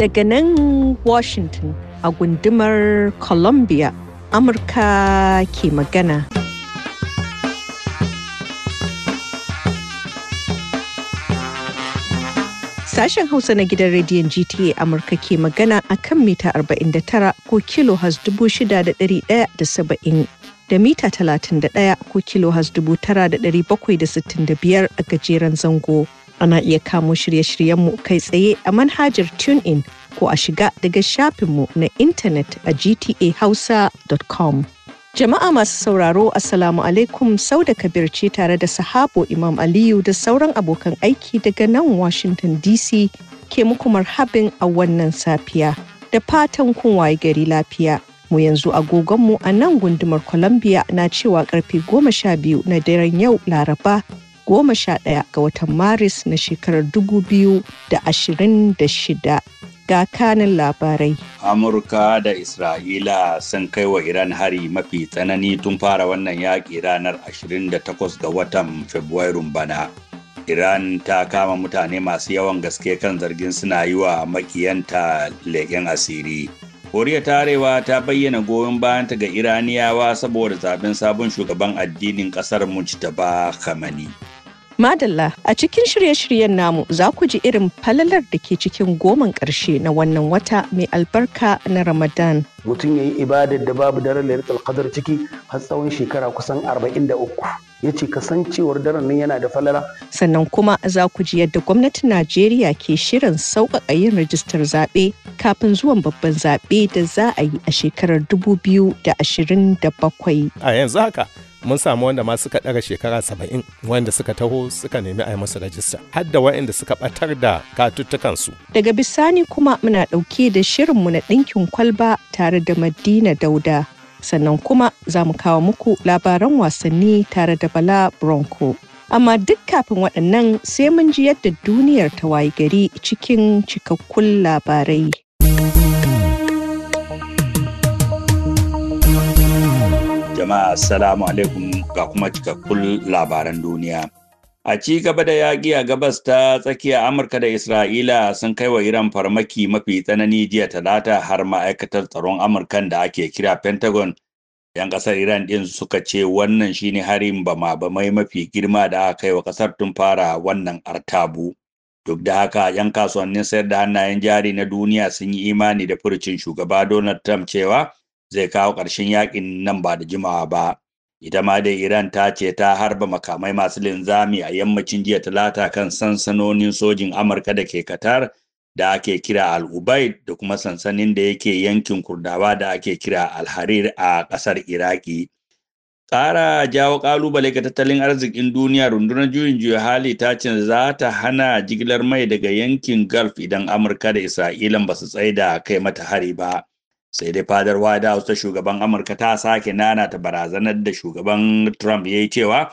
Daga nan Washington a gundumar Columbia, Amurka ke magana. Sashen Hausa na gidan rediyon GTA Amurka ke magana a kan mita 49 ko kilo da 6,170 da mita 31 ko dubu tara da da bakwai sittin da biyar a gajeren zango. Ana iya kamo shirye-shiryenmu kai tsaye a manhajar TuneIn ko a shiga daga shafinmu na intanet a gtahausa.com. Jama'a masu sauraro Assalamu alaikum sau da kabir ce tare da sahabo Imam Aliyu da sauran abokan aiki daga nan Washington DC ke muku marhabin a wannan safiya. Da fatan kun waye gari lafiya. mu yanzu agogonmu a nan gundumar columbia na cewa karfe goma biyu na daren yau laraba goma sha ɗaya ga watan maris na shekarar dubu biyu da ashirin da shida ga kanin labarai amurka da isra'ila sun kai wa iran hari mafi tsanani tun fara wannan yaƙi ranar 28 ga watan fabrairun bana Iran ta kama mutane masu yawan gaske kan zargin suna yi wa makiyanta leƙen asiri. koriya ta arewa ta bayyana goyon bayanta ga iraniyawa saboda zaben sabon shugaban addinin kasar mujtaba kamani madalla a cikin shirye-shiryen namu za ku ji irin falalar da ke cikin goman ƙarshe na wannan wata mai albarka na ramadan mutum ya yi ibadar da babu daren lailatul qadr ciki har tsawon shekara kusan arba'in da uku. ya ce kasancewar daren nan yana da falala. Sannan kuma za ku ji yadda gwamnatin Najeriya ke shirin sauƙaƙa yin rajistar zaɓe kafin zuwan babban zaɓe da za a yi a shekarar 2027. A yanzu haka mun samu wanda ma suka ɗara shekara saba'in wanda suka taho suka nemi a yi musu rajista har da waɗanda suka ɓatar da katuttukansu. Daga bisani kuma muna ɗauke da shirinmu na ɗinkin kwalba tare da Madina Dauda. sannan kuma za mu kawo muku labaran wasanni tare da Bala Bronco. Amma duk kafin waɗannan sai mun ji yadda duniyar ta wayi gari cikin cikakkun labarai. Jama'a Assalamu alaikum ga kuma cikakkun labaran duniya. A ci gaba da yaƙi a gabas ta tsakiya Amurka da Isra'ila sun kai wa Iran farmaki mafi tsanani jiya talata har ma'aikatar tsaron Amurkan da ake kira Pentagon. 'Yan ƙasar Iran din suka ce wannan shine harin bama bamai mafi girma da aka kai wa ƙasar tun fara wannan artabu. Duk da haka 'yan kasuwannin sayar da hannayen jari na duniya sun yi imani da furucin shugaba Donald Trump cewa zai kawo ƙarshen yaƙin nan ba da jimawa ba. ita ma dai iran ta ce ta harba makamai masu linzami a yammacin jiya talata kan sansanonin sojin amurka da ke qatar da ake kira al-ubaid da kuma sansanin da yake yankin kurdawa da ake kira al-harir a ƙasar iraki ƙara jawo ƙalubale ga tattalin arzikin duniya rundunar juyin juya hali ta ce za ta hana jigilar mai daga yankin gulf idan amurka da isra'ilan ba su tsaida kai mata hari ba sai dai fadar white house ta shugaban amurka ta sake nana ta barazanar da shugaban trump ya yi cewa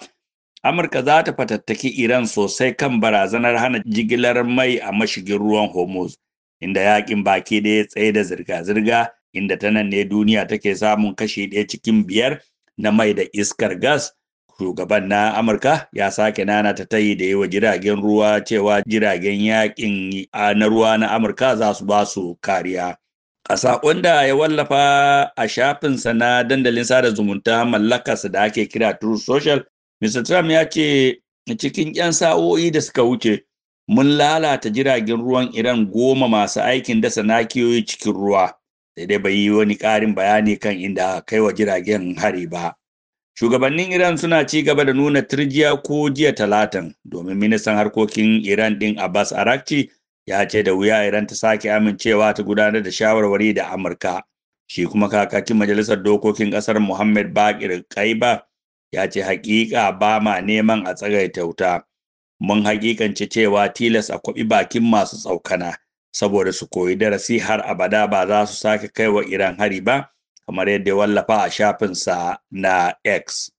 amurka za ta fatattaki iran sosai kan barazanar hana jigilar mai a mashigin ruwan hormuz inda yakin baki da ya tsaye da zirga-zirga inda ta nan ne duniya take samun kashi ɗaya cikin biyar na mai da iskar gas shugaban na amurka ya sake nana ta tayi da yi wa jiragen ruwa cewa jiragen yakin na ruwa na amurka za su ba su kariya A saƙon da ya wallafa a shafinsa na dandalin sada zumunta mallakarsa da ake kira True Social, Mr. Trump ya ce cikin 'yan sa'o'i da suka wuce, mun lalata jiragen ruwan Iran goma masu aikin dasa nakiyoyi cikin ruwa. daidai dai bai yi wani ƙarin bayani kan inda kai wa jiragen hari ba. Shugabannin Iran suna ci gaba da nuna turjiya ko jiya talatin domin ministan harkokin Iran ɗin Abbas Arakci ya ce da wuya iran ta sake amincewa ta gudanar da shawarwari da amurka shi kuma kakakin majalisar dokokin kasar muhammad bakir kaiba ya ce hakika ba ma neman a tsagai wuta mun hakikance cewa tilas a kwabi bakin masu tsaukana saboda su koyi darasi har abada ba za su sake kaiwa iran hari ba kamar yadda wallafa a shafinsa na x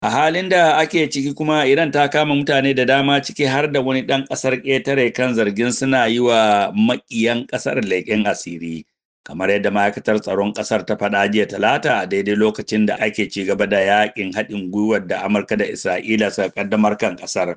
a halin da ake ciki kuma iran ta kama mutane da dama ciki har da wani ɗan ƙasar ƙetare kan zargin suna yi wa maƙiyan ƙasar leƙen asiri kamar yadda ma'aikatar tsaron ƙasar ta faɗa jiya talata a daidai lokacin da ake ci gaba da yaƙin haɗin gwiwar da amurka da isra'ila suka kaddamar kan ƙasar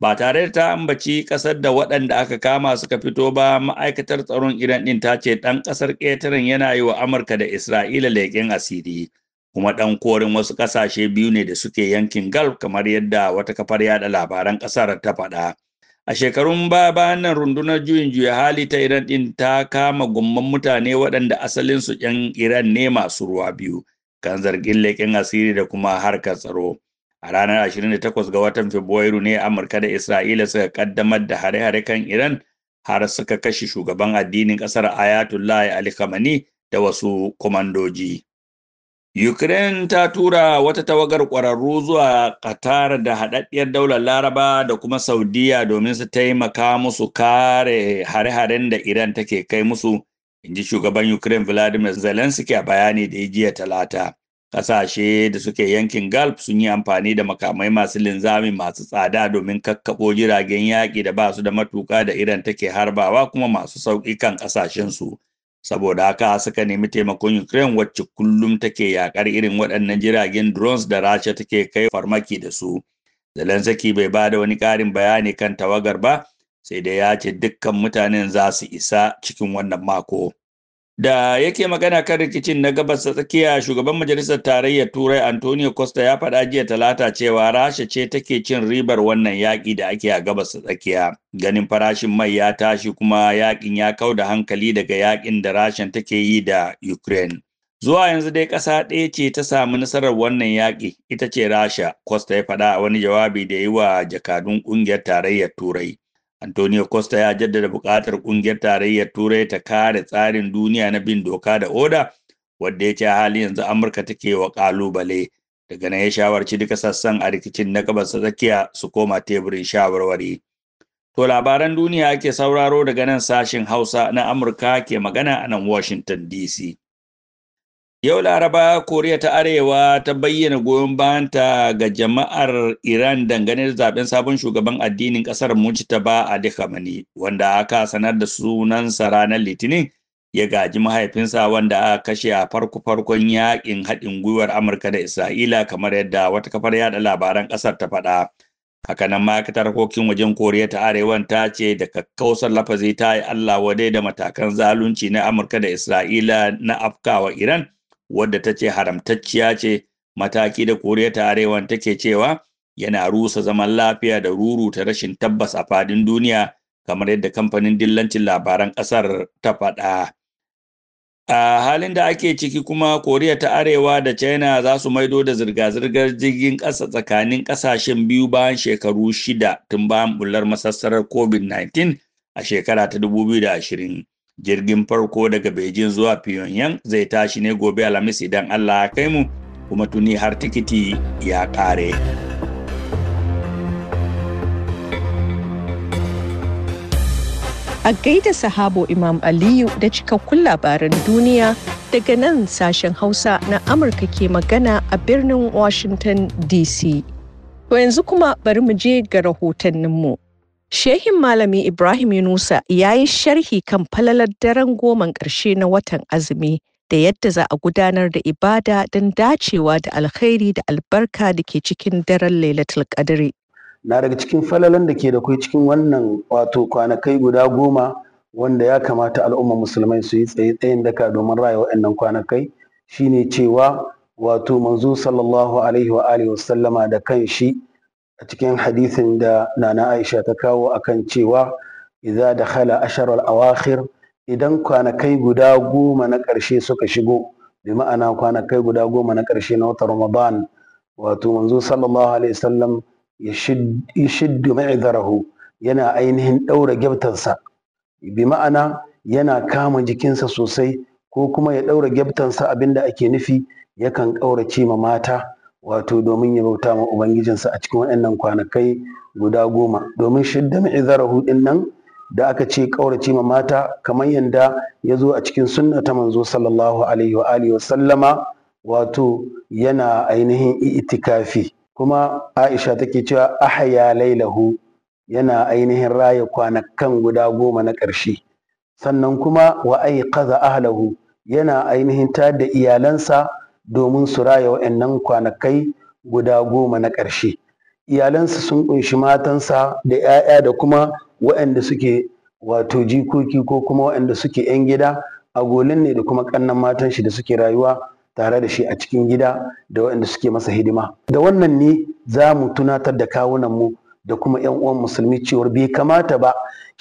ba tare da ta ambaci ƙasar da waɗanda aka kama suka fito ba ma'aikatar tsaron iran din ta ce ɗan ƙasar ƙetaren yana yi wa amurka da isra'ila leƙen asiri kuma ɗan korin wasu ƙasashe biyu ne da suke yankin Gulf kamar yadda wata kafar yada labaran ƙasar ta faɗa. A shekarun baya bayan nan rundunar juyin juya hali ta Iran ɗin ta kama gumman mutane waɗanda asalin su ‘yan Iran ne masu ruwa biyu, kan zargin leƙen asiri da kuma harkar tsaro. A ranar 28 ga watan Fabrairu ne Amurka da Isra'ila suka kaddamar da hare-hare kan Iran har suka kashe shugaban addinin ƙasar Ayatollah Ali Khamenei da wasu komandoji. Ukraine ta tura wata tawagar ƙwararru zuwa Qatar da haɗaɗɗiyar daular Laraba da kuma Saudiya domin su taimaka musu kare hare-haren da Iran take kai musu, in ji shugaban Ukraine Vladimir Zelensky a bayani da ya jiya talata. Ƙasashe da suke yankin Gulf sun yi amfani da makamai masu linzami masu tsada domin kakkaɓo jiragen yaƙi da ba su da matuƙa da Iran take harbawa kuma masu sauƙi kan ƙasashensu. saboda haka suka nemi taimakon Ukraine wacce kullum take yakar irin waɗannan jiragen drones da Rasha take kai farmaki da su. Zelensky bai ba da wani ƙarin bayani kan tawagar ba, sai da ya ce dukkan mutanen za su isa cikin wannan mako. da yake magana kan rikicin na gabas ta tsakiya shugaban majalisar tarayyar turai antonio costa ya faɗa jiya talata cewa rasha ce take cin ribar wannan yaƙi da ake a gabas ta tsakiya ganin farashin mai ya tashi kuma yaƙin ya kau da hankali daga yaƙin da rashin take yi da ukraine zuwa yanzu dai ƙasa ɗaya ce ta samu nasarar wannan yaƙi ita ce rasha costa ya faɗa a wani jawabi da ya yi wa jakadun ƙungiyar tarayyar turai Antonio Costa ya jaddada buƙatar ƙungiyar tarayyar Turai ta kare tsarin duniya na bin doka da oda wadda ya ce hali yanzu Amurka take wa ƙalubale. Daga nan ya shawarci duka sassan a rikicin na gabas tsakiya su koma teburin shawarwari. To labaran duniya ake sauraro daga nan sashin Hausa na Amurka ke magana a nan Washington DC. Yau Laraba Koriya ta Arewa ta bayyana goyon bayanta ga jama'ar Iran dangane da zaben sabon shugaban addinin kasar Mujtaba duka mani wanda aka sanar da sunansa ranar Litinin ya gaji mahaifinsa wanda aka kashe a farko-farkon yakin haɗin gwiwar Amurka da Isra'ila kamar yadda wata kafar yada labaran ƙasar ta faɗa. Hakanan ma'aikatar harkokin wajen Koriya ta Arewa ta ce da kakkausar lafazi ta yi Allah wadai da matakan zalunci na Amurka da Isra'ila na afkawa Iran. wadda ta ce haramtacciya ce mataki da koriya ta arewan take cewa yana rusa zaman lafiya da ruruta rashin tabbas a fadin duniya kamar yadda kamfanin dillancin labaran ƙasar ta faɗa. A halin da ake ciki kuma Koriya ta Arewa da China za su maido da zirga-zirgar jirgin ƙasa tsakanin ƙasashen biyu bayan shekaru shida tun bayan bullar masassarar COVID-19 a shekara ta 2020. jirgin farko daga beijing zuwa pyongyang zai tashi ne gobe alhamis idan allah ya kai mu kuma tuni har tikiti ya kare a gaida sahabo imam aliyu da cikakkun labaran duniya daga nan sashen hausa na amurka ke magana a birnin washington dc to yanzu kuma bari mu je ga rahotanninmu. mu Shehin Malami Ibrahim Yunusa ya yi sharhi kan falalar daren goman ƙarshe na watan azumi da yadda za a gudanar da ibada don dacewa da alkhairi da albarka da ke cikin daren Lailatul Qadri. Na daga cikin falalan da ke da kai cikin wannan wato kwanakai guda goma wanda ya kamata al'umma musulmai su yi tsaye tsayin daka domin raya waɗannan kwanakai shine cewa wato manzo sallallahu alaihi wa alihi da kan shi a cikin hadisin da nana aisha ta kawo a kan cewa idza dakhala ashar al-awakhir idan kwanakai guda goma na ƙarshe suka shigo bi ma'ana kwanakai guda goma na ƙarshe na watan ramadan wato manzo sallallahu alaihi wasallam ya shiddu ma'idarahu yana ainihin ɗaura gyabtansa bi ma'ana yana kama jikinsa sosai ko kuma ya ɗaura gyabtansa abinda ake nufi yakan ƙaurace ma mata wato domin ya bauta ma ubangijinsa a cikin waɗannan kwanakai guda goma domin shidda mai zarahu nan da aka ce ƙaurace ma mata kamar yadda ya zo a cikin sunna ta manzo sallallahu alaihi wa alihi wa sallama wato yana ainihin itikafi kuma Aisha take cewa a-haya lailahu yana ainihin raya kwanakan guda goma na ƙarshe sannan kuma wa aiqaza ahlahu yana ainihin ta da iyalansa domin su raya wa'annan kwanakai guda goma na ƙarshe iyalansa sun ƙunshi matansa da 'ya'ya da kuma wa'anda suke wato jikoki ko kuma wa'anda suke 'yan gida a golin ne da kuma ƙannan matan shi da suke rayuwa tare da shi a cikin gida da wa'anda suke masa hidima da wannan ne za mu tunatar da kawunanmu da kuma yan uwan musulmi cewar bai kamata ba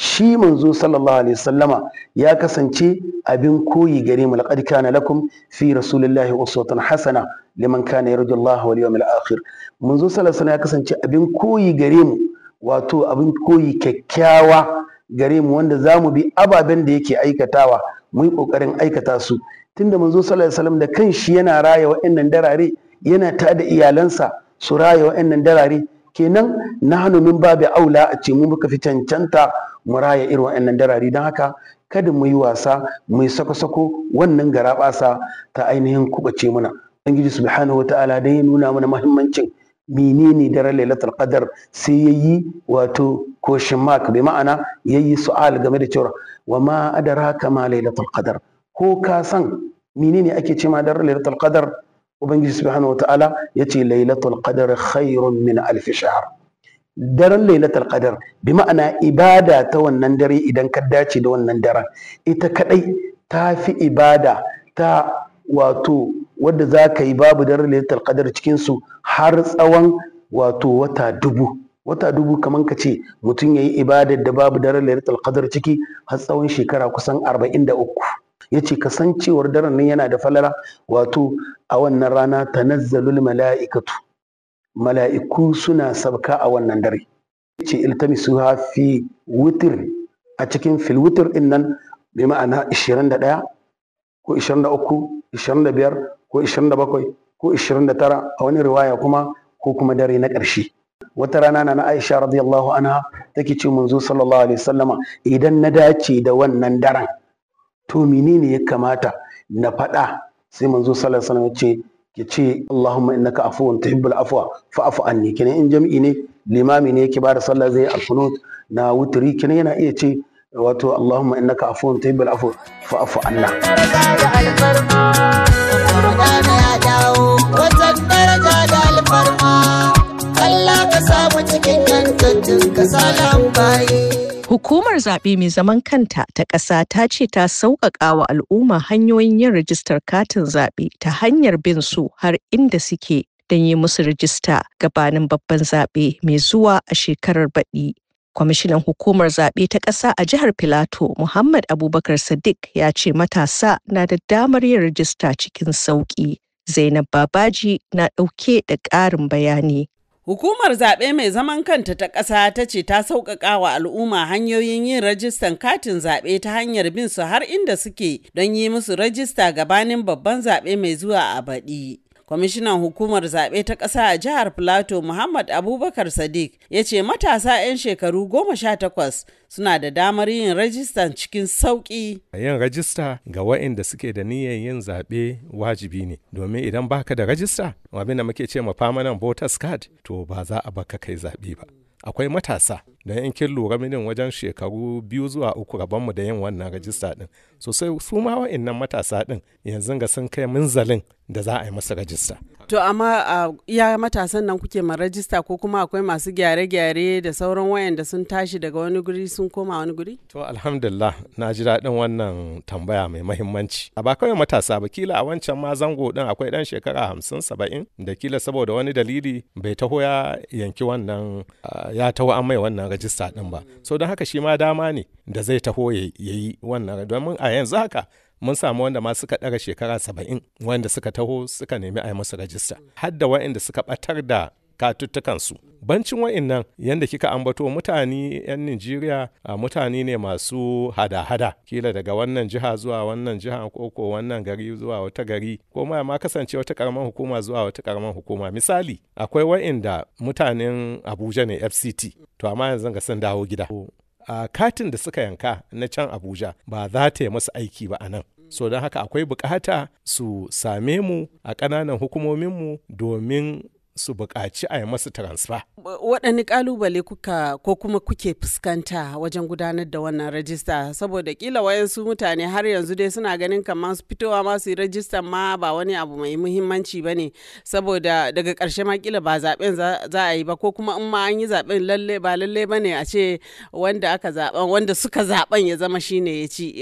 shi manzo sallallahu alaihi wasallama ya kasance abin koyi gare mu laqad kana lakum fi rasulillahi uswatun hasana liman kana yarju Allah wal yawmil akhir manzo sallallahu alaihi ya kasance abin koyi gare mu wato abin koyi kyakkyawa gare mu wanda zamu bi ababen da yake aikatawa mu yi kokarin aikata su tunda manzo sallallahu alaihi wasallam da kanshi yana raya wa'annan darare yana tada iyalansa su raya wa'annan darare kenan na min babu aula a ce mu muka fi cancanta mu raya irin wa'annan darari don haka kada mu yi wasa mu yi sako-sako wannan garaɓasa ta ainihin kubace muna ubangiji subhanahu wataala dan ya nuna mana muhimmancin menene daren lailatul qadar sai yayi wato question mark bi ma'ana yayi su'al game da cewa wa ma adraka ma lailatul qadar ko ka san menene ake ce ma daren lailatul qadar ubangiji subhanahu wataala ce lailatul qadar khairun min alf shahr daren lailatul qadar bi ma'ana ibada ta wannan dare idan ka dace da wannan daren ita kadai ta fi ibada ta wato wadda za ka yi babu daren lailatul qadar cikin su har tsawon wato wata dubu wata dubu kamar ka ce mutum ya yi ibadar da babu daren lailatul qadar ciki har tsawon shekara kusan arba'in da uku ya ce kasancewar daren nan yana da falala wato a wannan rana tanazzalul mala'ikatu mala'iku suna sabka a wannan dare ce iltamisu ha fi wutir a cikin fil wutir din nan bi ma'ana 21 ko 23 25 ko 27 ko 29 a wani riwaya kuma ko kuma dare na ƙarshe wata rana na Aisha radiyallahu anha take ce manzo sallallahu alaihi wasallama idan na dace da wannan daren to menene ya kamata na faɗa sai manzo sallallahu alaihi wasallam ya ce ya ce Allahumma innaka afuwun tuhibbul afwa fa'fu anni kina in jami'i ne limami ne yake bada sallah zai alqunut na wutri kina yana iya ce wato Allahumma innaka afuwun tuhibbul afwa fa'fu anna Allah ka samu cikin yankattun ka salam bayi Hukumar zaɓe mai zaman kanta ta ƙasa ta ce ta sauƙaƙa wa al'umma hanyoyin yin rajistar katin zaɓe ta hanyar bin su har inda suke don yi musu rajista gabanin babban zaɓe mai zuwa a shekarar baɗi. Kwamishinan hukumar zaɓe ta ƙasa a jihar Filato, Muhammad Abubakar Sadiq ya ce matasa na da damar yin rajista cikin sauƙi. Zainab Babaji na ɗauke da ƙarin bayani. Hukumar zaɓe mai zaman kanta ta ƙasa ta ce ta sauƙaƙa wa al'umma hanyoyin yin rajistan katin zaɓe ta hanyar bin su har inda suke don yi musu rajista gabanin babban zaɓe mai zuwa a baɗi. kwamishinan hukumar zaɓe ta ƙasa a jihar plateau muhammad abubakar sadiq ya ce matasa 'yan shekaru goma sha takwas suna da damar yin rajista cikin sauƙi yin rajista ga waɗanda suke da niyyar yin zaɓe wajibi ne domin idan baka da rajista abin muke ce ma famanan voters card to ba za a baka kai zaɓe ba akwai matasa don in kin lura minin wajen shekaru biyu zuwa uku rabonmu da yin wannan rajista din so sai su ma wa'annan matasa din yanzu ga sun kai munzalin da za a yi masa rajista to amma iya matasan nan kuke ma rajista ko kuma akwai masu gyare-gyare da sauran wayanda sun tashi daga wani guri sun koma wani guri to alhamdulillah na ji daɗin wannan tambaya mai mahimmanci a ba kawai matasa ba kila a wancan ma zango din akwai dan shekara hamsin saba'in da kila saboda wani dalili bai taho ya yanki wannan ya taho an mai wannan rajista ɗin ba so don haka shi ma dama ne da zai taho ya yi wannan domin a yanzu haka mun samu wanda ma suka ɗara shekara saba'in wanda suka taho suka nemi a yi musu rajista har da waɗanda suka ɓatar da katuttukan su bancin wa'innan yadda kika ambato mutane 'yan Nijeriya mutane ne masu hada-hada kila daga wannan jiha zuwa wannan jiha ko ko wannan gari zuwa wata gari ko ma ma kasance wata karamar hukuma zuwa wata karamar hukuma misali akwai wa'inda mutanen Abuja ne FCT to amma yanzu ga sun dawo gida a katin da suka yanka na can Abuja ba za ta yi musu aiki ba a nan so don haka akwai bukata su same mu a ƙananan mu. domin su buƙaci a yi masu transfer. waɗanne ƙalubale kuka ko kuma kuke fuskanta wajen gudanar da wannan rajista saboda kila wayansu mutane har yanzu dai suna ganin kamar su fitowa ma su yi rajistan ma ba wani abu mai muhimmanci ba ne saboda daga ƙarshe ma kila ba zaɓen za a yi ba ko kuma in ma an yi zaɓen lalle ba lalle ba ne a ce wanda aka zaɓen wanda suka zaɓen ya zama shi ne ya ci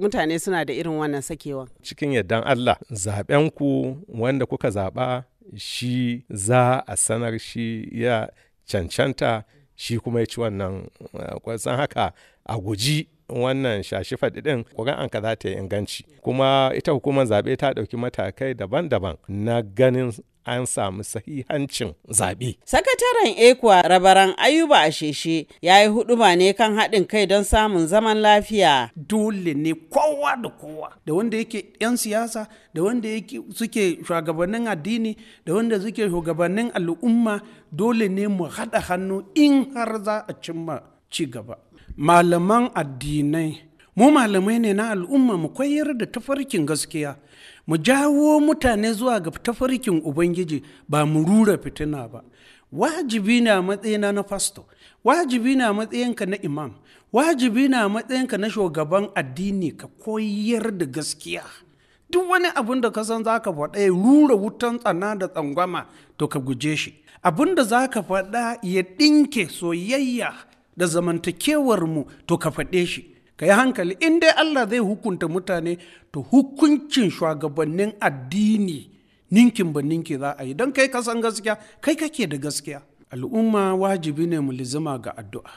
mutane suna da irin wannan sakewan. cikin yardan Allah zaɓen ku wanda kuka zaɓa shi za a sanar shi ya cancanta shi kuma ya ci wannan eh, kwasan haka a guji wannan shashi faɗiɗin ƙuri'anka za ta yi inganci kuma ita hukumar zaɓe ta ɗauki matakai daban-daban na ganin an samu sahihancin zaɓe. Sakataren ekwa rabaran ayuba a sheshe ya yi huduma ne kan haɗin kai don samun zaman lafiya. Dole ne kowa da kowa da wanda yake 'yan siyasa da wanda suke shugabannin addini da wanda suke shugabannin al'umma dole ne mu haɗa hannu in har za a cimma ci gaba. Malaman addinai mu malamai ne na al'umma mu koyar da tafarkin gaskiya. mu jawo mutane zuwa ga tafarkin ubangiji ba mu rura fitina ba wajibi na matsayina na fasto wajibi na matsayinka na imam wajibi na matsayinka na shugaban addini ka koyar da gaskiya duk wani abin da ka san za ka faɗa ya rura wutan tsana da tsangwama to ka guje shi abin da za ka faɗa ya ɗinke soyayya da zamantakewar mu, to ka faɗe shi ka yi hankali in dai Allah zai hukunta mutane to hukuncin shugabannin addini ninkin ba ninki za a yi don kai kasan gaskiya kai kake da gaskiya al'umma wajibi ne mu lizima ga addu'a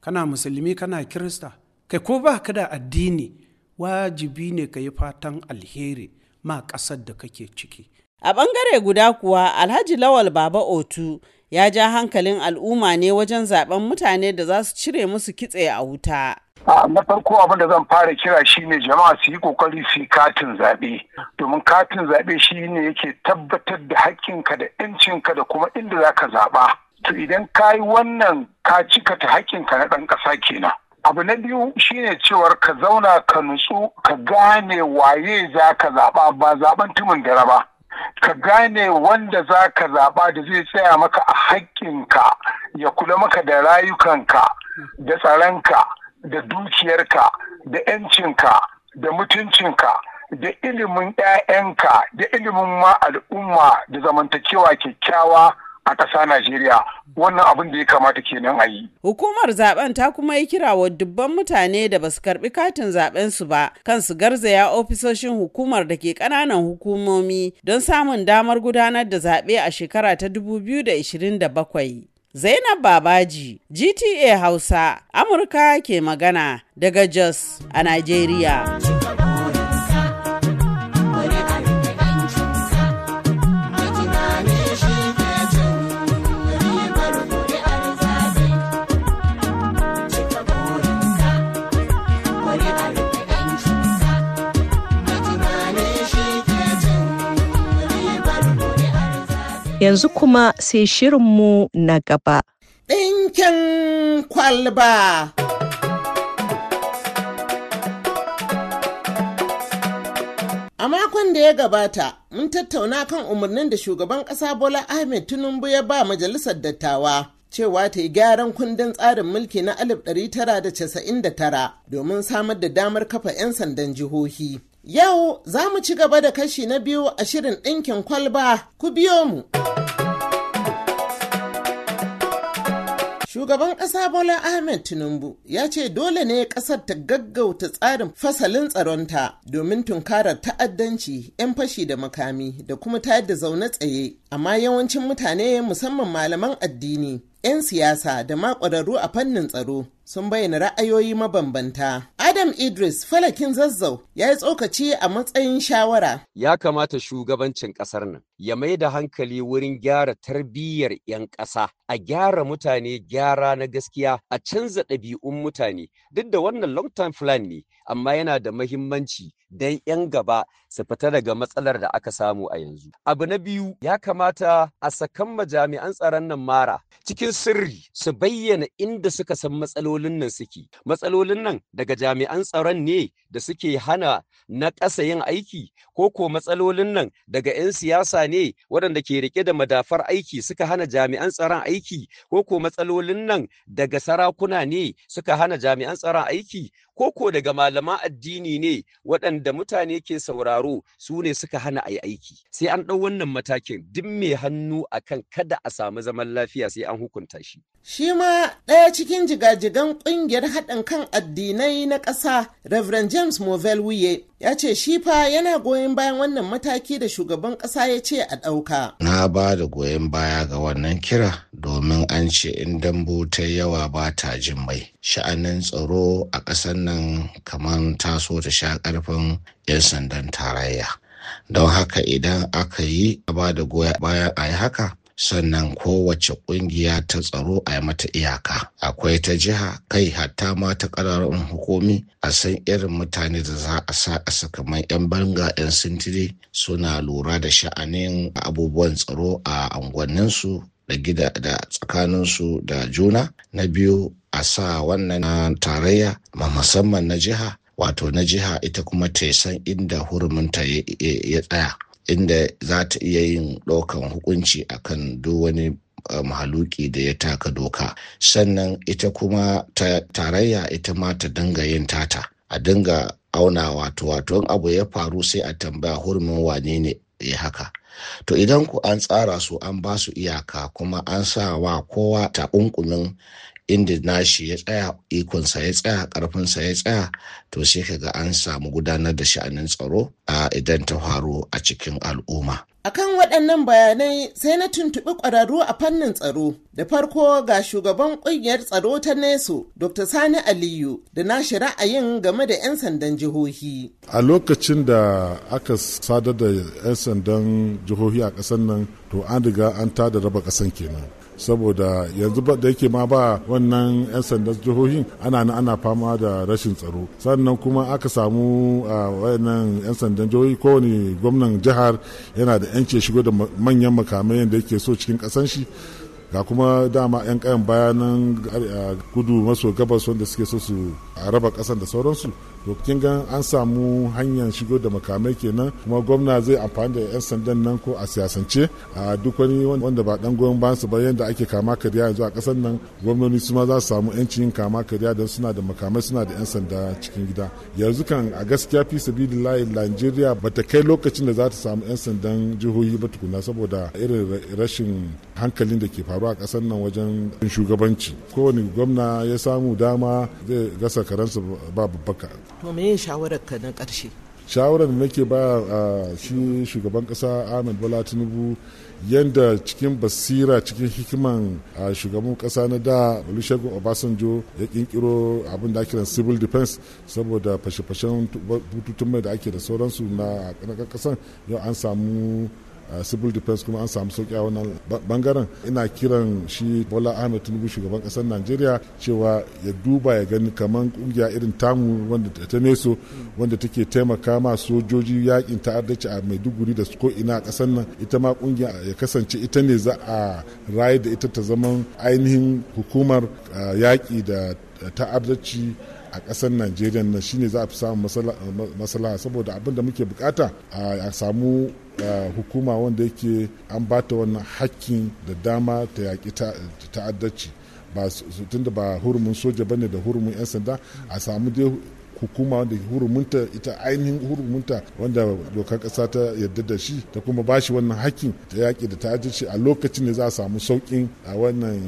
kana musulmi kana kirista kai ko ba ka da addini wajibi ne ka yi fatan alheri ma ƙasar da kake ciki a ɓangare guda kuwa alhaji lawal baba otu ya ja hankalin al'umma ne wajen zaben mutane da za su cire musu kitse a wuta na farko abin da zan fara kira shine jama'a su yi kokari su yi katin zaɓe domin katin zaɓe shine yake tabbatar da haƙƙinka da 'yancinka da kuma inda za ka zaɓa to idan ka yi wannan ka cika ta haƙƙinka na ɗan ƙasa kenan abu na biyu shine cewar ka zauna ka nutsu ka gane waye za ka zaɓa ba zaɓen tumin gara ba ka gane wanda za ka zaɓa da zai tsaya maka a haƙƙinka ya kula maka da rayukanka da tsaronka da dukiyarka da 'yancinka da mutuncinka da ilimin 'ya'yanka da ilimin ma al'umma da zamantakewa kyakkyawa a ƙasa Najeriya wannan abin da ya kamata kenan a yi. Hukumar zaben ta kuma yi kira wa dubban mutane da ba su karbi katin zaben su ba kan su garzaya ofisoshin hukumar da ke ƙananan hukumomi don samun damar gudanar da zaɓe a shekara ta 2027. Zainab Babaji, GTA Hausa, Amurka ke magana daga Jos a Najeriya. Yanzu kuma sai shirinmu na gaba. Ɗinkin kwalba. A makon da ya gabata, mun tattauna kan umarnin da shugaban ƙasa Bola Ahmed Tinubu ya ba majalisar dattawa cewa ta yi gyaran kundin tsarin mulki na 1999 domin samar da damar kafa 'yan sandan jihohi. Yau za mu ci gaba da kashi na biyu a shirin ɗinkin kwalba, ku biyo mu. Shugaban ƙasa Bola Ahmed Tinubu ya ce dole ne ƙasar ta gaggauta tsarin fasalin tsaronta domin tunkarar ta'addanci, 'yan fashi da makami da kuma tayar da zaune tsaye, amma yawancin mutane musamman malaman addini, 'yan siyasa da ma ƙwararru a fannin tsaro sun bayyana ra'ayoyi mabambanta. Adam Idris falakin zazzau ya yi tsokaci a matsayin shawara. Ya kamata shugabancin ƙasar nan ya mai da hankali wurin gyara tarbiyyar 'yan ƙasa, a gyara mutane gyara na gaskiya, a canza ɗabi'un mutane, duk da wannan long time plan ne, amma yana da mahimmanci don 'yan gaba su fita daga matsalar da aka samu a yanzu. Abu na biyu ya kamata a sakan majami'an tsaron nan mara cikin sirri su bayyana inda suka san matsaloli. matsalolin nan suke matsalolin nan daga jami'an tsaron ne da suke hana na ƙasa yin aiki ko ko matsalolin nan daga 'yan siyasa ne waɗanda ke rike da madafar aiki suka hana jami'an tsaron aiki ko ko matsalolin nan daga sarakuna ne suka hana jami'an tsaron aiki koko daga malama addini ne waɗanda mutane ke sauraro su ne suka hana a yi aiki sai an ɗau wannan matakin duk mai hannu akan kada a samu zaman lafiya sai an hukunta shi shi ma ɗaya cikin jigajigan ƙungiyar haɗin kan addinai na ƙasa Reverend James Movell Wuye ya ce shi fa yana goyon bayan wannan mataki da shugaban ƙasa ya ce a ɗauka. Na ba da goyon baya ga wannan kira domin an ce in dambu ta yawa ba ta jin mai. Sha'anin tsaro a ƙasar nan kamar taso ta sha ƙarfin 'yan sandan tarayya. Don haka idan aka yi a ba da goyon baya a yi haka sannan kowace kungiya ta tsaro a mata iyaka akwai ta jiha kai hatta ma ta ƙararrun hukumi a san irin mutane da za a sa a sakamakon 'yan banga 'yan sintiri suna lura da sha'anin abubuwan tsaro a unguwanninsu da gida da tsakaninsu da juna na biyu a sa wannan tarayya ma musamman na jiha wato na jiha ita kuma ta san inda huruminta ya tsaya inda za ta iya yin ɗaukan hukunci akan duk wani eh, mahaluki da ya taka doka sannan ita kuma ta tarayya ita ma ta dinga yin tata a dinga auna wato wato abu ya faru sai a tambaya hurumin wane ne ya haka to idan ku an tsara su an ba su iyaka kuma an sa wa kowa takunkumin inda nashi ya tsaya ikonsa ya tsaya karfinsa ya tsaya to sai kaga an samu gudanar da sha'anin tsaro a idan ta faru a cikin al'umma akan waɗannan bayanai sai na tuntuɓi ƙwararru a fannin tsaro da farko ga shugaban ƙungiyar tsaro ta neso dr sani aliyu da nashi ra'ayin game da 'yan sandan jihohi a lokacin da aka sadar da 'yan sandan jihohi a ƙasar nan to an riga an tada raba ƙasan kenan saboda yanzu da yake ma ba wannan 'yan sandan jihohin ana nan ana fama da rashin tsaro sannan kuma aka samu a wayannan 'yan sandan jihohi kowane gwamnan jihar yana da 'yanci shigo da manyan makamai yadda yake so cikin kasan shi ga kuma dama 'yan kayan bayanan kudu maso gabas wanda suke so su raba kasan da sauransu to kin ga an samu hanyar shigo da makamai kenan kuma gwamna zai amfani da yan sandan nan ko a siyasance a duk wani wanda ba dan goyon ba su ba yanda ake kama kariya yanzu a kasar nan gwamnoni su ma za su samu yancin yin kama kariya don suna da makamai suna da yan sanda cikin gida yanzu kan a gaskiya fi sabilillahi Najeriya ta kai lokacin da za ta samu yan sandan jihohi ba tukuna saboda irin rashin hankalin da ke faruwa a kasar nan wajen shugabanci kowane gwamna ya samu dama zai gasa karansa ba babbaka me ka na karshe shawarar da nake ba a shi shugaban kasa ahmed bola tinubu yadda cikin basira cikin hikiman a shugaban kasa na da olusegun obasanjo ya kinkiro abin da ake civil defense saboda fashe-fashen bututun mai da ake da sauransu na kasan yau an samu civil defense kuma an samu sauki a wannan bangaren ina kiran shi bola ahmed tinubu shugaban kasar najeriya cewa ya duba ya gani kamar kungiya irin tamu wanda ta neso wanda take taimaka ma sojoji yakin ta'addaci a maiduguri da ko ina kasar nan ita ma kungiya ya kasance ita ne za a raye da ita ta zaman ainihin hukumar yaƙi da ta'addaci a ƙasar najeriya nan shine za a fi samun masala saboda abin da muke bukata a samu hukuma wanda yake an ba ta wannan hakkin da dama ta yaƙi ta'addaci ba da ba hurumin soja bane da hurumin 'yan sanda a samu dai hukuma wanda hurumunta ita ainihin hurumunta wanda dokar ƙasa ta yarda da shi ta kuma ba shi wannan hakkin ta yaƙi da ta'addaci a lokacin da za a samu sauƙin a wannan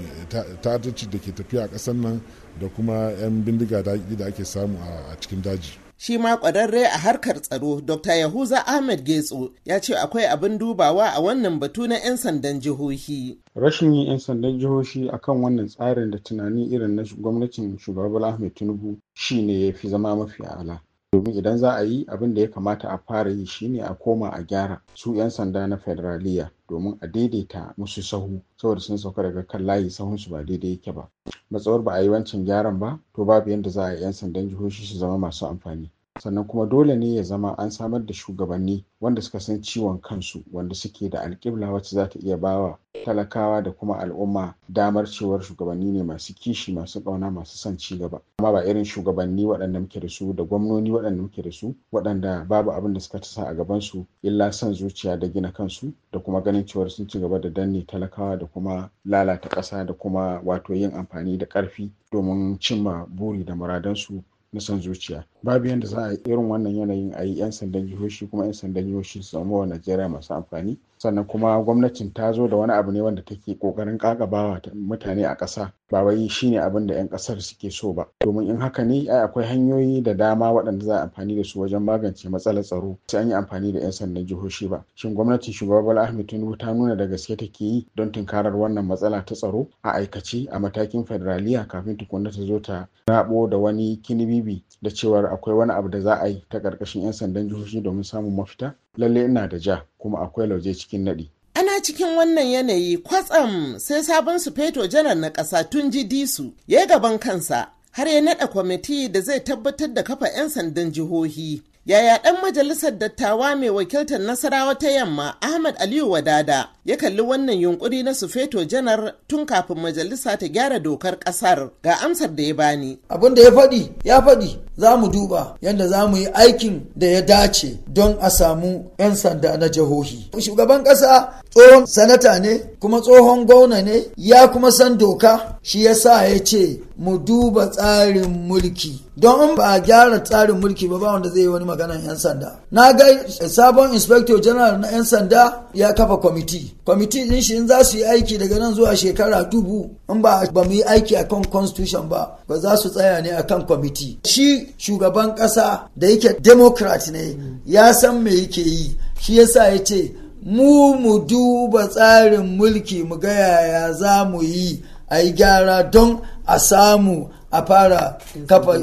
ta'addaci da ke tafiya a ƙasar nan da kuma 'yan bindiga da ake samu a cikin daji. shi ma kwararre a harkar tsaro dr yahuza ahmed getso ya ce akwai abin dubawa a wannan batu na 'yan sandan jihohi rashin yin 'yan sandan jihohi akan wannan tsarin da tunani irin na gwamnatin shugaban ahmed tinubu ne ya fi zama mafi ala domin idan za a yi abin da ya kamata a fara yi shine a koma a gyara su 'yan sanda na federaliya domin a daidaita musu sahu saboda sun sauka daga kan layi su ba daidai yake ba matsawar ba a yi wancan gyaran ba to babu yadda za a yi 'yan sandan jihohi su zama masu amfani sannan kuma dole ne ya zama an samar da shugabanni wanda suka san ciwon kansu wanda suke da alƙibla wacce za ta iya bawa talakawa da kuma al'umma damar cewar shugabanni ne masu kishi masu ƙauna masu son ci gaba amma ba irin shugabanni waɗanda muke da su da gwamnoni waɗanda muke da su waɗanda babu abin da suka tasa a gaban su illa son zuciya da gina kansu da kuma ganin cewar sun ci gaba da danne talakawa da kuma lalata ƙasa da kuma wato yin amfani da ƙarfi domin cimma buri da muradansu na son zuciya babu yadda za a irin wannan yanayin a yi 'yan sandan jihohi kuma 'yan sandan jihohi su samu wa najeriya masu amfani sannan kuma gwamnatin ta zo da wani abu ne wanda take kokarin kakabawa mutane a ƙasa ba wai shine abin da 'yan ƙasar suke so ba domin in haka ne ai akwai hanyoyi da dama waɗanda za a amfani da su wajen magance matsalar tsaro sai an yi amfani da 'yan sandan jihohi ba shin gwamnatin shugaba bola ahmed tinubu ta nuna da gaske take yi don tunkarar wannan matsala ta tsaro a aikace a matakin federaliya kafin tukunna ta zo ta rabo da wani kinibibi da cewar akwai wani abu da za a yi ta ƙarƙashin 'yan sandan jihohi domin samun mafita lalle ina da ja kuma akwai lauje cikin naɗi. Ana cikin wannan yanayi kwatsam sai sabon su feto janar na ƙasa tun ji disu ya gaban kansa har ya naɗa kwamiti da zai tabbatar da kafa 'yan sandan jihohi. Yaya ɗan majalisar dattawa mai wakiltar Nasarawa ta yamma Ahmad Aliyu Wadada ya kalli wannan yunkuri na sufeto janar tun kafin majalisa ta gyara dokar kasar ga amsar da ya bani abin da ya faɗi ya faɗi za mu duba yadda za mu yi aikin da ya dace don a samu 'yan sanda na jihohi shugaban ƙasa tsohon sanata ne kuma tsohon gwamna ne ya kuma san doka shi ya sa ya ce mu duba tsarin mulki don in ba a gyara tsarin mulki ba ba wanda zai yi wani maganan 'yan sanda na ga sabon inspector general na 'yan sanda ya kafa kwamiti kwamiti din shi za su yi aiki daga nan zuwa shekara dubu in ba ba mu yi aiki akan constitution ba ba za su tsaya ne akan kwamiti shi shugaban ƙasa da yake democrat ne ya san me yake yi shi yasa ya ce mu mu duba tsarin mulki mu ga yaya za mu yi a yi gyara don a samu a fara kafa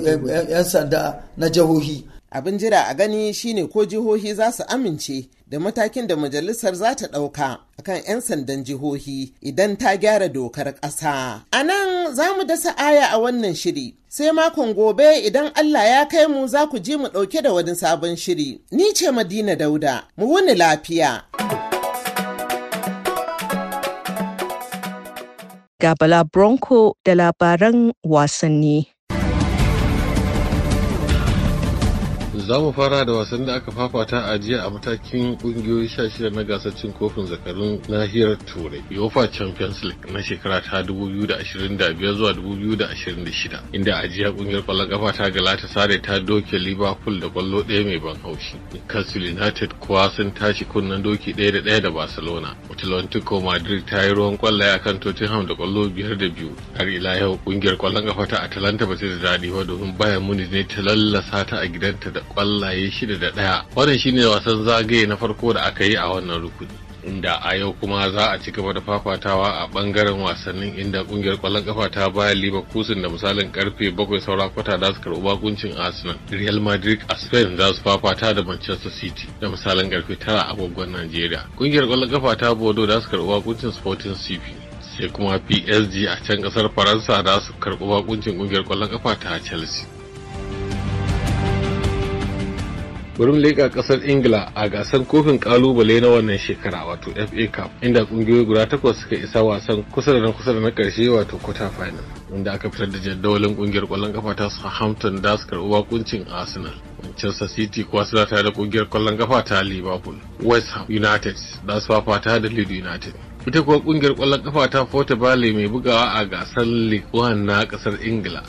'yan sanda na jihohi abin jira a gani shine ko jihohi za su amince da matakin da majalisar za ta ɗauka akan 'yan sandan jihohi idan ta gyara dokar ƙasa. A nan za mu dasa aya a wannan shiri, sai makon gobe idan Allah ya kai mu za ku ji mu ɗauke da wani sabon shiri. Ni ce Madina Dauda, mu wuni lafiya. Ga Bala Bronco da labaran wasanni. za mu fara da wasan da aka fafata a jiya a matakin kungiyoyi 16 na gasar cin kofin zakarun nahiyar turai yofa champions league na shekara ta 2025 zuwa 2026 inda a jiya kungiyar kwallon kafa ta galata sare ta doke liverpool da kwallo ɗaya mai ban haushi newcastle united kuwa sun tashi kunnen doki ɗaya da ɗaya da barcelona atlantico madrid ta yi ruwan kwallaye akan tottenham da kwallo biyar da biyu har ila yau kungiyar kwallon kafa ta atalanta ba ta da daɗi ba domin bayan munich ne ta lallasa ta a gidanta da kwallaye shida da ɗaya wannan shine wasan zagaye na farko da aka yi a wannan rukuni inda a yau kuma za a ci gaba da fafatawa a bangaren wasannin inda kungiyar kwallon kafa ta bayan leverkusen da misalin karfe bakwai saura kwata za su karbi bakuncin arsenal real madrid a spain za su fafata da manchester city da misalin karfe tara agogon nigeria kungiyar kwallon kafa ta bodo za su karbi bakuncin sporting cp sai kuma psg a can kasar faransa za su karbi bakuncin kungiyar kwallon kafa ta chelsea bari mu leƙa ƙasar ingila a gasar kofin ƙalubale na wannan shekara wato fa cup inda ƙungiyoyi guda takwas suka isa wasan kusa da na kusa da na ƙarshe wato quarter final inda aka fitar da jadawalin ƙungiyar ƙwallon kafa ta southampton da su karɓi bakuncin arsenal manchester city kuwa suna tare da ƙungiyar ƙwallon kafa ta liverpool west ham united da su fafata da lead united ita kuwa ƙungiyar ƙwallon kafa ta forte mai bugawa a gasar league one na ƙasar ingila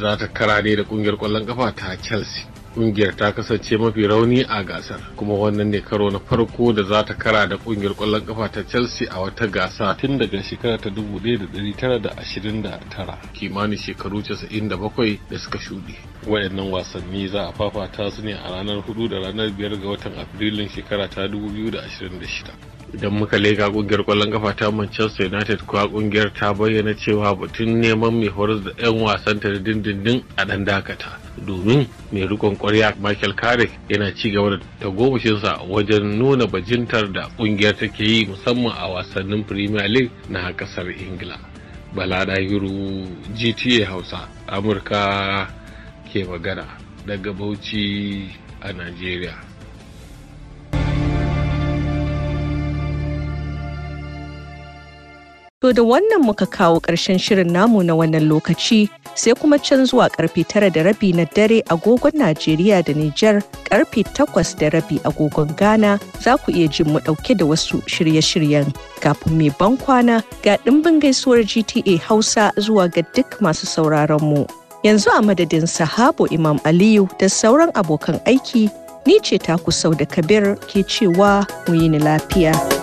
za ta kara ne da ƙungiyar ƙwallon kafa ta chelsea kungiyar ta kasance mafi rauni a gasar kuma wannan ne karo na farko da za ta kara da kungiyar kwallon kafa ta chelsea a wata gasa tun daga shekara ta 1929 kimanin shekaru 97 da suka shuɗe waɗannan wasanni za a fafata su ne a ranar 4 da ranar 5 ga watan afrilun shekara ta 2026 idan muka lega kungiyar kwallon kafa ta manchester united kuwa kungiyar ta bayyana cewa batun neman mai horar da 'yan wasan ta dindindin a dan dakata domin mai rikon kwarya michael carrick yana ci gaba da tagomashinsa wajen nuna bajintar da kungiyar take yi musamman a wasannin premier league na kasar ingila bala dahiru gta hausa amurka ke magana daga bauchi a nigeria To da wannan muka kawo ƙarshen shirin namu na wannan lokaci sai kuma can zuwa ƙarfe tara da rabi na dare agogon Najeriya da Nijar ƙarfe takwas da rabi agogon Ghana za ku iya jin mu ɗauke da wasu shirye-shiryen. Kafin mai ban kwana ga ɗimbin gaisuwar GTA Hausa zuwa ga duk masu sauraron mu. Yanzu a madadin Sahabo Imam Aliyu da sauran abokan aiki, ni ce taku sau da Kabir ke cewa mu yi ni lafiya.